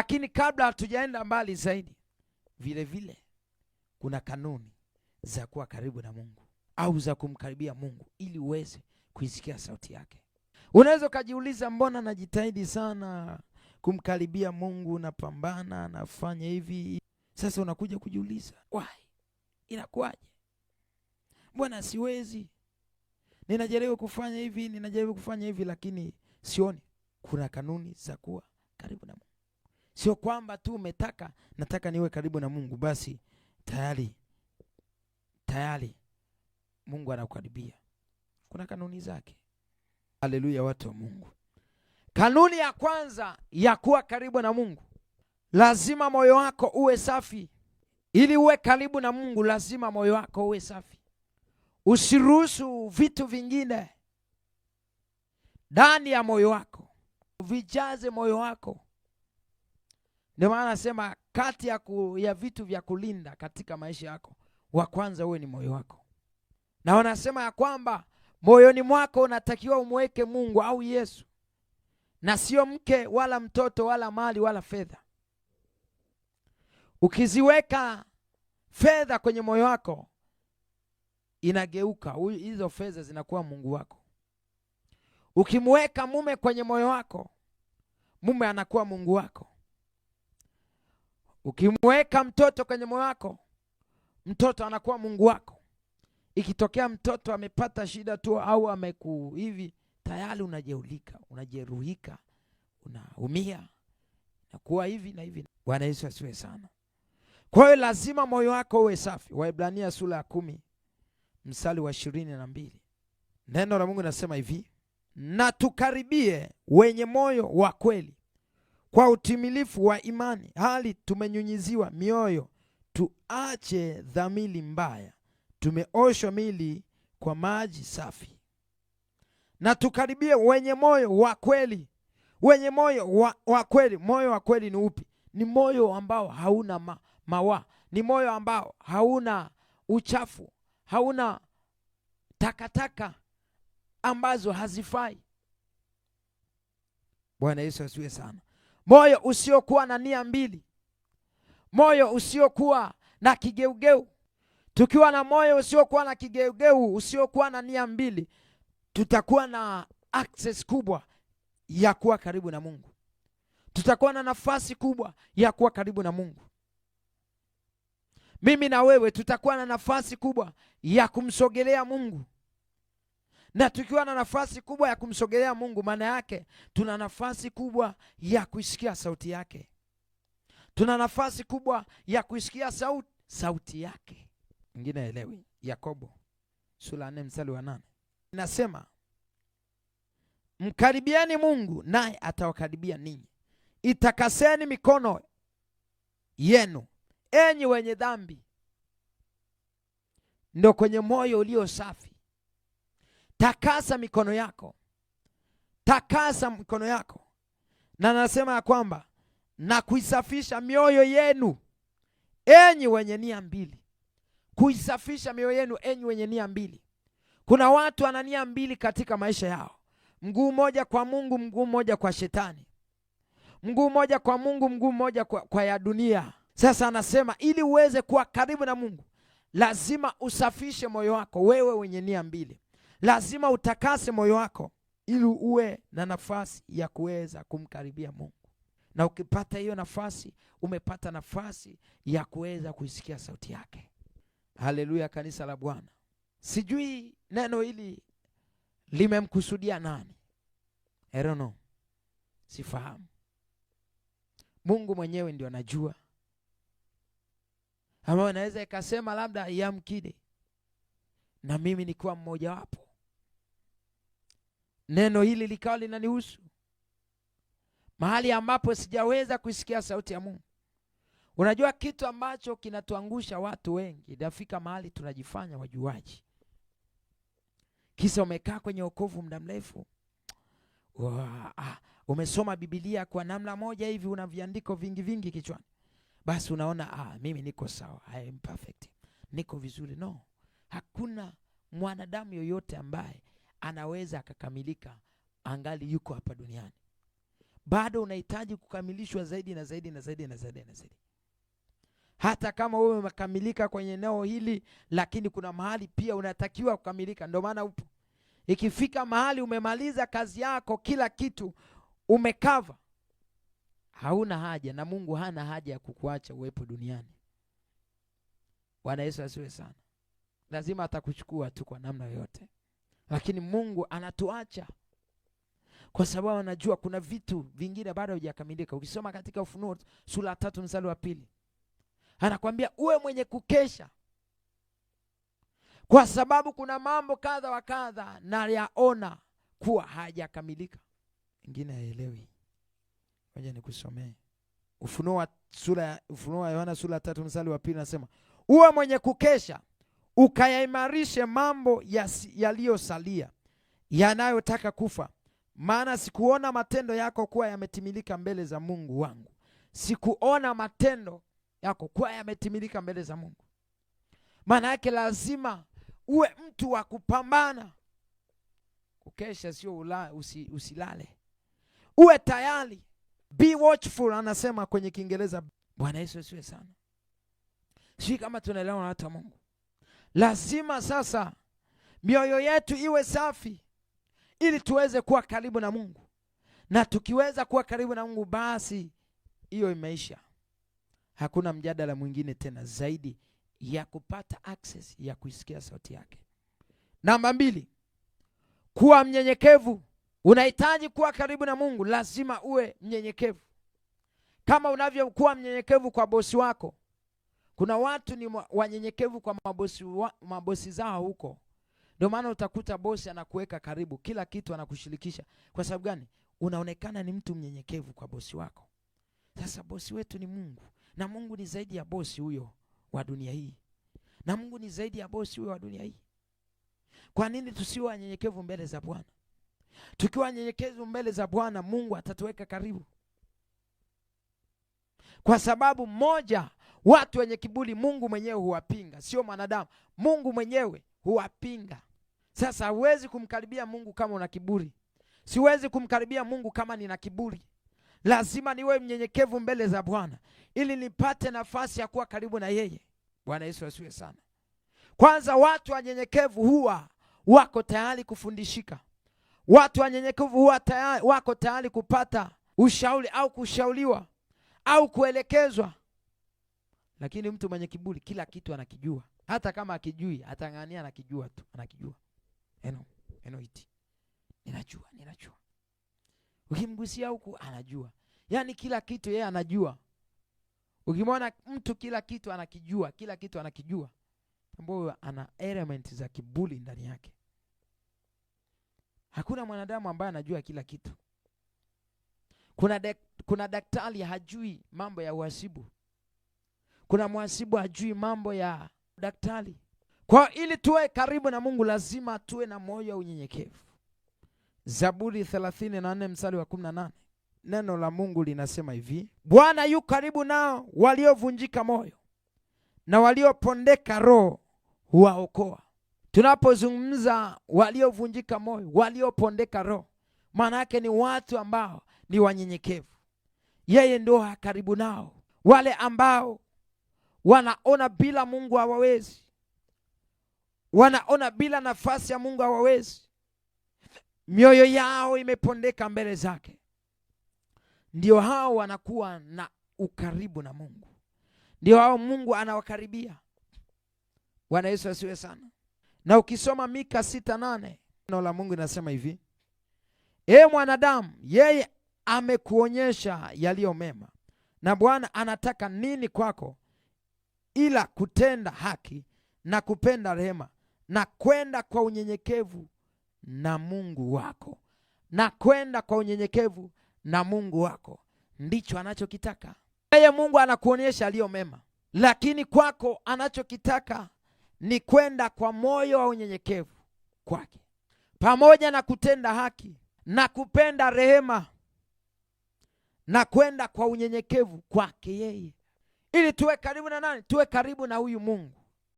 Lakini kabla hatujaenda mbali zaidi, vile vile kuna kanuni za kuwa karibu na Mungu au za kumkaribia Mungu ili uweze kuisikia sauti yake. Unaweza ukajiuliza, mbona najitahidi sana kumkaribia Mungu, napambana, nafanya hivi. Sasa unakuja kujiuliza, why, inakuwaje? Mbona siwezi? Ninajaribu kufanya hivi, ninajaribu kufanya hivi, lakini sioni. Kuna kanuni za kuwa karibu na Mungu. Sio kwamba tu umetaka, nataka niwe karibu na Mungu, basi tayari tayari Mungu anakukaribia. Kuna kanuni zake. Haleluya, watu wa Mungu. Kanuni ya kwanza ya kuwa karibu na Mungu, lazima moyo wako uwe safi. Ili uwe karibu na Mungu, lazima moyo wako uwe safi. Usiruhusu vitu vingine ndani ya moyo wako, vijaze moyo wako ndio maana anasema kati ya, ku, ya vitu vya kulinda katika maisha yako, wa kwanza uwe ni moyo wako, na wanasema ya kwamba moyoni mwako unatakiwa umweke Mungu au Yesu, na sio mke wala mtoto wala mali wala fedha. Ukiziweka fedha kwenye moyo wako, inageuka hizo fedha zinakuwa mungu wako. Ukimweka mume kwenye moyo wako, mume anakuwa mungu wako. Ukimweka mtoto kwenye moyo wako, mtoto anakuwa Mungu wako. Ikitokea mtoto amepata shida tu au ameku hivi, tayari unajeulika, unajeruhika, unaumia, nakuwa hivi na hivi. Bwana Yesu asiwe sana. Kwa hiyo lazima moyo wako uwe safi. Waebrania sura ya kumi mstari wa ishirini na mbili neno la Mungu nasema hivi, na tukaribie wenye moyo wa kweli kwa utimilifu wa imani, hali tumenyunyiziwa mioyo, tuache dhamili mbaya, tumeoshwa mili kwa maji safi, na tukaribie wenye moyo wa kweli. Wenye moyo wa, wa kweli. Moyo wa kweli ni upi? Ni moyo ambao hauna ma, mawa, ni moyo ambao hauna uchafu, hauna takataka ambazo hazifai. Bwana Yesu asiwe sana moyo usiokuwa na nia mbili, moyo usiokuwa na kigeugeu. Tukiwa na moyo usiokuwa na kigeugeu, usiokuwa na nia mbili, tutakuwa na access kubwa ya kuwa karibu na Mungu, tutakuwa na nafasi kubwa ya kuwa karibu na Mungu. Mimi na wewe tutakuwa na nafasi kubwa ya kumsogelea Mungu na tukiwa na nafasi kubwa ya kumsogelea Mungu, maana yake tuna nafasi kubwa ya kuisikia sauti yake, tuna nafasi kubwa ya kuisikia sauti, sauti yake. Ingine elewi Yakobo sura nne mstari wa nane inasema mkaribieni Mungu naye atawakaribia ninyi, itakaseni mikono yenu enyi wenye dhambi, ndo kwenye moyo ulio safi Takasa mikono yako, takasa mikono yako, na nasema ya kwamba na kuisafisha mioyo yenu enyi wenye nia mbili. Kuisafisha mioyo yenu enyi wenye nia mbili. Kuna watu ana nia mbili katika maisha yao, mguu mmoja kwa Mungu, mguu mmoja kwa Shetani, mguu mmoja kwa Mungu, mguu mmoja kwa, kwa ya dunia. Sasa anasema ili uweze kuwa karibu na Mungu lazima usafishe moyo wako, wewe wenye nia mbili. Lazima utakase moyo wako ili uwe na nafasi ya kuweza kumkaribia Mungu, na ukipata hiyo nafasi, umepata nafasi ya kuweza kuisikia sauti yake. Haleluya, kanisa la Bwana. Sijui neno hili limemkusudia nani? I don't know. Sifahamu. Mungu mwenyewe ndio anajua, ambayo anaweza ikasema labda yamkini na mimi nikiwa mmojawapo neno hili likawa linanihusu mahali ambapo sijaweza kuisikia sauti ya Mungu. Unajua kitu ambacho kinatuangusha watu wengi, inafika mahali tunajifanya wajuaji, kisa umekaa kwenye okovu muda mrefu. umesoma Biblia kwa namna moja hivi, una viandiko vingi vingi kichwani, basi unaona ah, mimi niko sawa, I am perfect, niko vizuri. No, hakuna mwanadamu yoyote ambaye anaweza akakamilika angali yuko hapa duniani. Bado unahitaji kukamilishwa zaidi na zaidi na zaidi na zaidi na zaidi. Hata kama wewe umekamilika kwenye eneo hili, lakini kuna mahali pia unatakiwa kukamilika. Ndio maana upo. Ikifika mahali umemaliza kazi yako, kila kitu umekava, hauna haja na Mungu hana haja ya kukuacha uwepo duniani. Bwana Yesu asiwe sana, lazima atakuchukua tu kwa namna yoyote lakini Mungu anatuacha kwa sababu anajua kuna vitu vingine bado havijakamilika. Ukisoma katika Ufunuo sura tatu mstari wa pili anakwambia uwe mwenye kukesha, kwa sababu kuna mambo kadha wa kadha na yaona kuwa hayajakamilika. Ingine haelewi. Ngoja nikusomee Ufunuo sura Ufunuo wa Yohana sura tatu mstari wa pili, nasema uwe mwenye kukesha ukayaimarishe mambo yaliyosalia yanayotaka kufa, maana sikuona matendo yako kuwa yametimilika mbele za Mungu wangu. Sikuona matendo yako kuwa yametimilika mbele za Mungu. Maana yake lazima uwe mtu wa kupambana, kukesha, sio usi, usilale, uwe tayari, be watchful, anasema kwenye Kiingereza. Bwana Yesu asiwe sana, sijui kama tunaelewa na watu wa Mungu. Lazima sasa mioyo yetu iwe safi ili tuweze kuwa karibu na Mungu, na tukiweza kuwa karibu na Mungu basi hiyo imeisha. Hakuna mjadala mwingine tena zaidi ya kupata access ya kuisikia sauti yake. Namba mbili, kuwa mnyenyekevu. Unahitaji kuwa karibu na Mungu, lazima uwe mnyenyekevu. Kama unavyokuwa mnyenyekevu kwa bosi wako, kuna watu ni wanyenyekevu kwa mabosi, wa, mabosi zao huko. Ndio maana utakuta bosi anakuweka karibu, kila kitu anakushirikisha. Kwa sababu gani? Unaonekana ni mtu mnyenyekevu kwa bosi wako. Sasa bosi wetu ni Mungu, na Mungu ni zaidi ya bosi huyo wa dunia hii, na Mungu ni zaidi ya bosi huyo wa dunia hii. Kwa nini tusiwe wanyenyekevu mbele za Bwana? Tukiwa wanyenyekevu mbele za Bwana, Mungu atatuweka karibu, kwa sababu moja Watu wenye kiburi Mungu mwenyewe huwapinga, sio mwanadamu. Mungu mwenyewe huwapinga. Sasa huwezi kumkaribia Mungu kama una kiburi. Siwezi kumkaribia Mungu kama nina kiburi. Lazima niwe mnyenyekevu mbele za Bwana ili nipate nafasi ya kuwa karibu na yeye. Bwana Yesu asiwe sana. Kwanza, watu wanyenyekevu huwa wako tayari kufundishika. Watu wanyenyekevu huwa tayari, wako tayari kupata ushauri au kushauriwa au kuelekezwa. Lakini mtu mwenye kiburi kila kitu anakijua, hata kama akijui atang'ania, anakijua tu, anakijua eno eno, iti ninajua, ninajua. Ukimgusia huku anajua, yaani kila kitu yeye anajua. Ukimwona mtu kila kitu anakijua, kila kitu anakijua, tambua huyo ana element za kibuli ndani yake. Hakuna mwanadamu ambaye anajua kila kitu. Kuna, dek, kuna daktari hajui mambo ya uhasibu kuna mhasibu ajui mambo ya daktari. Kwa ili tuwe karibu na Mungu lazima tuwe na moyo unyenyekevu. Zaburi 34 mstari wa 18, neno la Mungu linasema hivi: Bwana yu karibu nao waliovunjika moyo na waliopondeka roho huwaokoa. Tunapozungumza waliovunjika moyo, waliopondeka roho, maana yake ni watu ambao ni wanyenyekevu. Yeye ndio karibu nao, wale ambao Wanaona bila Mungu hawawezi, wanaona bila nafasi ya Mungu hawawezi. Mioyo yao imepondeka mbele zake, ndio hao wanakuwa na ukaribu na Mungu, ndio hao Mungu anawakaribia. Bwana Yesu asiwe sana. Na ukisoma Mika sita nane neno la Mungu inasema hivi, ee mwanadamu, yeye amekuonyesha yaliyo mema, na Bwana anataka nini kwako ila kutenda haki na kupenda rehema na kwenda kwa unyenyekevu na Mungu wako, na kwenda kwa unyenyekevu na Mungu wako ndicho anachokitaka yeye. Mungu anakuonyesha aliyo mema, lakini kwako anachokitaka ni kwenda kwa moyo wa unyenyekevu kwake, pamoja na kutenda haki na kupenda rehema na kwenda kwa unyenyekevu kwake yeye ili tuwe karibu na nani? Tuwe karibu na huyu Mungu.